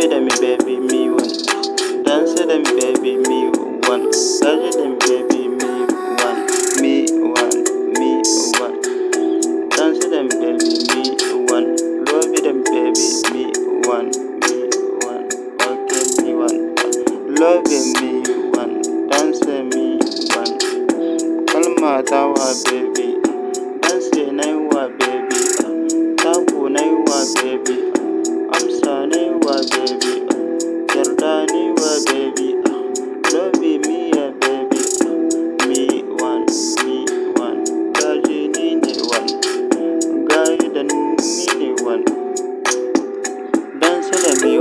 Baby, then me baby, me one. Dance then baby, me one. Dance then baby, me one. Me one, me one. Dance then baby, me one. Love then baby, me one. Me one. Okay, me one. Love me one. Dance me one. Kalma tawa baby.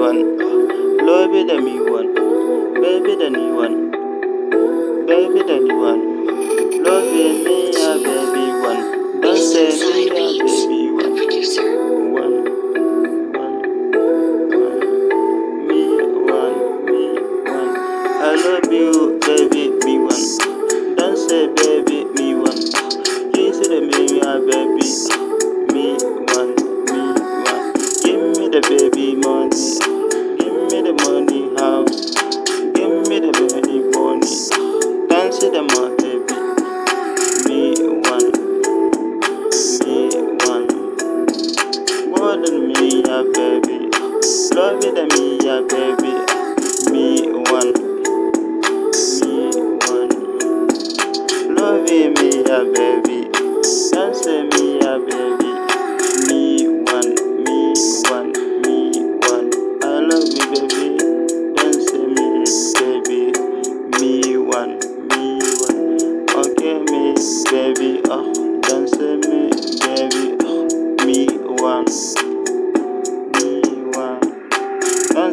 one, baby the new one, baby the new one, baby the new one, love me a baby one, don't say me a baby one, one, one, one, me one, me one, I love you baby me one, don't say baby me one, you say the me a baby, me one, me one, give me the baby money. baby. Me one, me one. Loving me, yeah, baby.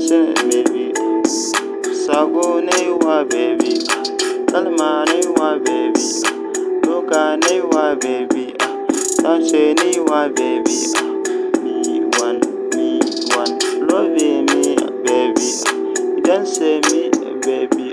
sunshine, baby. Sago naiwa, baby. Kalma naiwa, baby. Doka naiwa, baby. Sunshine naiwa, baby. Me one, me one. Love me, baby. Dance me, baby.